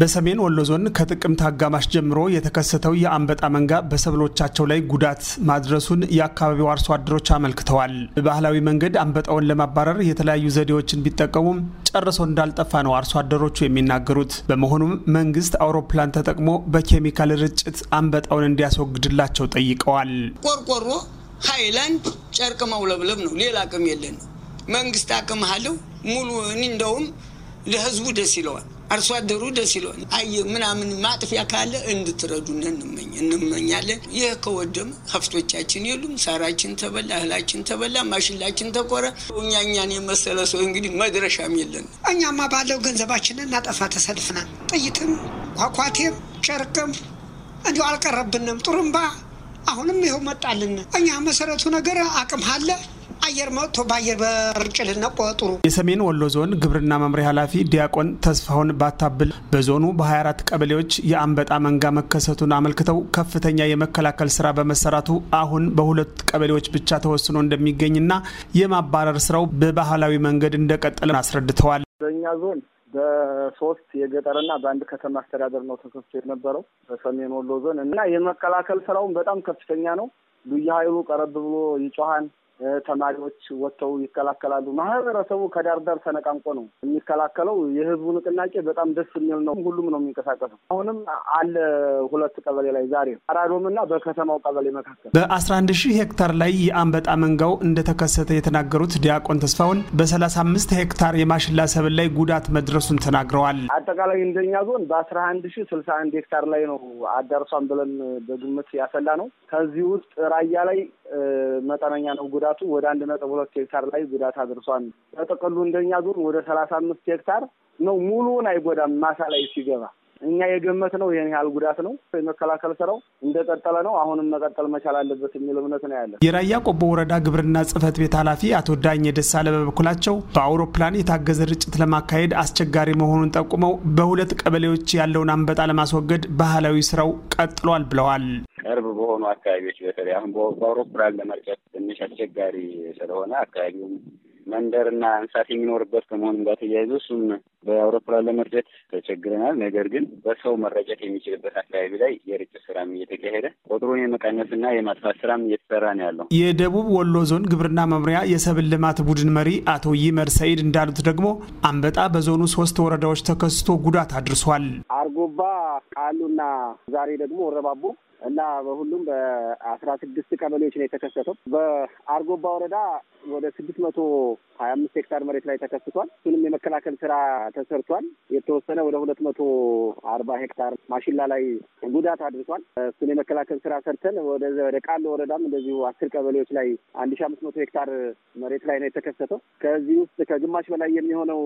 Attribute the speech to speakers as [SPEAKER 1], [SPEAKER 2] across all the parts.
[SPEAKER 1] በሰሜን ወሎ ዞን ከጥቅምት አጋማሽ ጀምሮ የተከሰተው የአንበጣ መንጋ በሰብሎቻቸው ላይ ጉዳት ማድረሱን የአካባቢው አርሶ አደሮች አመልክተዋል። በባህላዊ መንገድ አንበጣውን ለማባረር የተለያዩ ዘዴዎችን ቢጠቀሙም ጨርሶ እንዳልጠፋ ነው አርሶ አደሮቹ የሚናገሩት። በመሆኑም መንግስት አውሮፕላን ተጠቅሞ በኬሚካል ርጭት አንበጣውን እንዲያስወግድላቸው ጠይቀዋል።
[SPEAKER 2] ቆርቆሮ፣ ሀይላንድ፣ ጨርቅ ማውለብለብ ነው። ሌላ አቅም የለን። መንግስት አቅም አለው ሙሉ። እኔ እንደውም ለህዝቡ ደስ ይለዋል አርሶ አደሩ ደስ ይለዋል። አየ ምናምን ማጥፊያ ካለ እንድትረዱን እንመኝ እንመኛለን። ይህ ከወደም ከብቶቻችን የሉም፣ ሳራችን ተበላ፣ እህላችን ተበላ፣ ማሽላችን ተቆረ። እኛ እኛን የመሰለ ሰው እንግዲህ መድረሻም የለን።
[SPEAKER 1] እኛማ ባለው ገንዘባችንን እናጠፋ ተሰልፍናል። ጥይትም ኳኳቴም ጨርቅም እንዲሁ አልቀረብንም። ጥሩምባ አሁንም ይኸው መጣልን። እኛ መሰረቱ ነገር አቅም አለ በአየር መጥቶ በአየር በርጭልና ቆጥሩ። የሰሜን ወሎ ዞን ግብርና መምሪያ ኃላፊ ዲያቆን ተስፋሁን ባታብል በዞኑ በ24 ቀበሌዎች የአንበጣ መንጋ መከሰቱን አመልክተው ከፍተኛ የመከላከል ስራ በመሰራቱ አሁን በሁለት ቀበሌዎች ብቻ ተወስኖ እንደሚገኝና የማባረር ስራው በባህላዊ መንገድ እንደቀጠለ አስረድተዋል።
[SPEAKER 2] በእኛ ዞን በሶስት የገጠርና በአንድ ከተማ አስተዳደር ነው ተከስቶ የነበረው በሰሜን ወሎ ዞን እና የመከላከል ስራውን በጣም ከፍተኛ ነው። ልዩ ኃይሉ ቀረብ ብሎ ይጮሃን ተማሪዎች ወጥተው ይከላከላሉ። ማህበረሰቡ ከዳር ዳር ተነቃንቆ ነው የሚከላከለው። የህዝቡ ንቅናቄ በጣም ደስ የሚል ነው። ሁሉም ነው የሚንቀሳቀሰው። አሁንም አለ ሁለት ቀበሌ ላይ ዛሬ አራዶም እና በከተማው ቀበሌ
[SPEAKER 1] መካከል በአስራ አንድ ሺህ ሄክታር ላይ የአንበጣ መንጋው እንደተከሰተ የተናገሩት ዲያቆን ተስፋውን በሰላሳ አምስት ሄክታር የማሽላ ሰብል ላይ ጉዳት መድረሱን ተናግረዋል።
[SPEAKER 2] አጠቃላይ እንደኛ ዞን በአስራ አንድ ሺህ ስልሳ አንድ ሄክታር ላይ ነው አዳርሷን ብለን በግምት ያፈላ ነው። ከዚህ ውስጥ ራያ ላይ መጠነኛ ነው ጉዳት ጉዳቱ ወደ አንድ ነጥብ ሁለት ሄክታር ላይ ጉዳት አድርሷል። በጥቅሉ እንደኛ ዞን ወደ ሰላሳ አምስት ሄክታር ነው። ሙሉውን አይጎዳም። ማሳ ላይ ሲገባ እኛ የገመት ነው ይህን ያህል ጉዳት ነው። የመከላከል ስራው እንደቀጠለ ነው። አሁንም መቀጠል መቻል አለበት የሚል እምነት ነው ያለ
[SPEAKER 1] የራያ ቆቦ ወረዳ ግብርና ጽህፈት ቤት ኃላፊ አቶ ዳኝ ደሳለ በበኩላቸው በአውሮፕላን የታገዘ ርጭት ለማካሄድ አስቸጋሪ መሆኑን ጠቁመው በሁለት ቀበሌዎች ያለውን አንበጣ ለማስወገድ ባህላዊ ስራው ቀጥሏል ብለዋል። በሆኑ አካባቢዎች
[SPEAKER 2] በተለይ አሁን በአውሮፕላን ለመርጨት ትንሽ አስቸጋሪ ስለሆነ አካባቢውም መንደርና እንስሳት የሚኖርበት ከመሆኑም ጋር ተያይዞ እሱም በአውሮፕላን ለመርጨት ተቸግረናል። ነገር ግን በሰው መረጨት የሚችልበት አካባቢ ላይ የርጭት ስራም እየተካሄደ ቁጥሩን የመቀነስና የማጥፋት ስራም እየተሰራ ነው ያለው።
[SPEAKER 1] የደቡብ ወሎ ዞን ግብርና መምሪያ የሰብል ልማት ቡድን መሪ አቶ ይመር ሰይድ እንዳሉት ደግሞ አንበጣ በዞኑ ሶስት ወረዳዎች ተከስቶ ጉዳት አድርሷል።
[SPEAKER 2] አርጎባ፣ ቃሉና ዛሬ ደግሞ ረባቦ እና በሁሉም በአስራ ስድስት ቀበሌዎች ነው የተከሰተው። በአርጎባ ወረዳ ወደ ስድስት መቶ ሀያ አምስት ሄክታር መሬት ላይ ተከስቷል። እሱንም የመከላከል ስራ ተሰርቷል። የተወሰነ ወደ ሁለት መቶ አርባ ሄክታር ማሽላ ላይ ጉዳት አድርሷል። እሱን የመከላከል ስራ ሰርተን ወደ ቃል ወረዳም እንደዚሁ አስር ቀበሌዎች ላይ አንድ ሺ አምስት መቶ ሄክታር መሬት ላይ ነው የተከሰተው። ከዚህ ውስጥ ከግማሽ በላይ የሚሆነው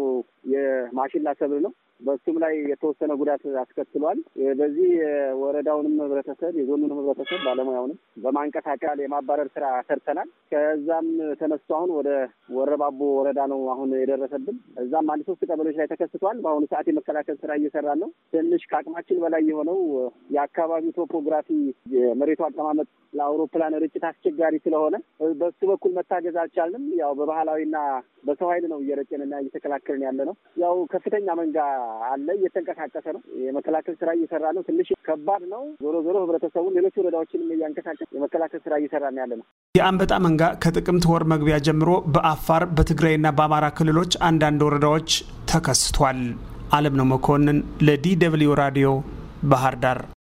[SPEAKER 2] የማሽላ ሰብል ነው። በሱም ላይ የተወሰነ ጉዳት አስከትሏል። በዚህ የወረዳውንም ህብረተሰብ የዞኑን ህብረተሰብ ባለሙያውንም በማንቀሳቀል የማባረር ስራ ሰርተናል። ከዛም ተነስቶ አሁን ወደ ወረባቦ ወረዳ ነው አሁን የደረሰብን። እዛም አንድ ሶስት ቀበሌዎች ላይ ተከስቷል። በአሁኑ ሰዓት የመከላከል ስራ እየሰራ ነው። ትንሽ ከአቅማችን በላይ የሆነው የአካባቢው ቶፖግራፊ የመሬቱ አቀማመጥ ለአውሮፕላን ርጭት አስቸጋሪ ስለሆነ በሱ በኩል መታገዝ አልቻልንም። ያው በባህላዊና በሰው ኃይል ነው እየረጨንና እየተከላከልን ያለ ነው። ያው ከፍተኛ መንጋ አለ እየተንቀሳቀሰ ነው። የመከላከል ስራ እየሰራ ነው። ትንሽ ከባድ ነው። ዞሮ ዞሮ ህብረተሰብ ህብረተሰቡን፣ ሌሎች ወረዳዎችንም እያንቀሳቀስ የመከላከል ስራ እየሰራ ነው ያለ ነው።
[SPEAKER 1] የአንበጣ መንጋ ከጥቅምት ወር መግቢያ ጀምሮ በአፋር በትግራይና በአማራ ክልሎች አንዳንድ ወረዳዎች ተከስቷል። አለም ነው መኮንን ለዲ ደብልዩ ራዲዮ ባህር ዳር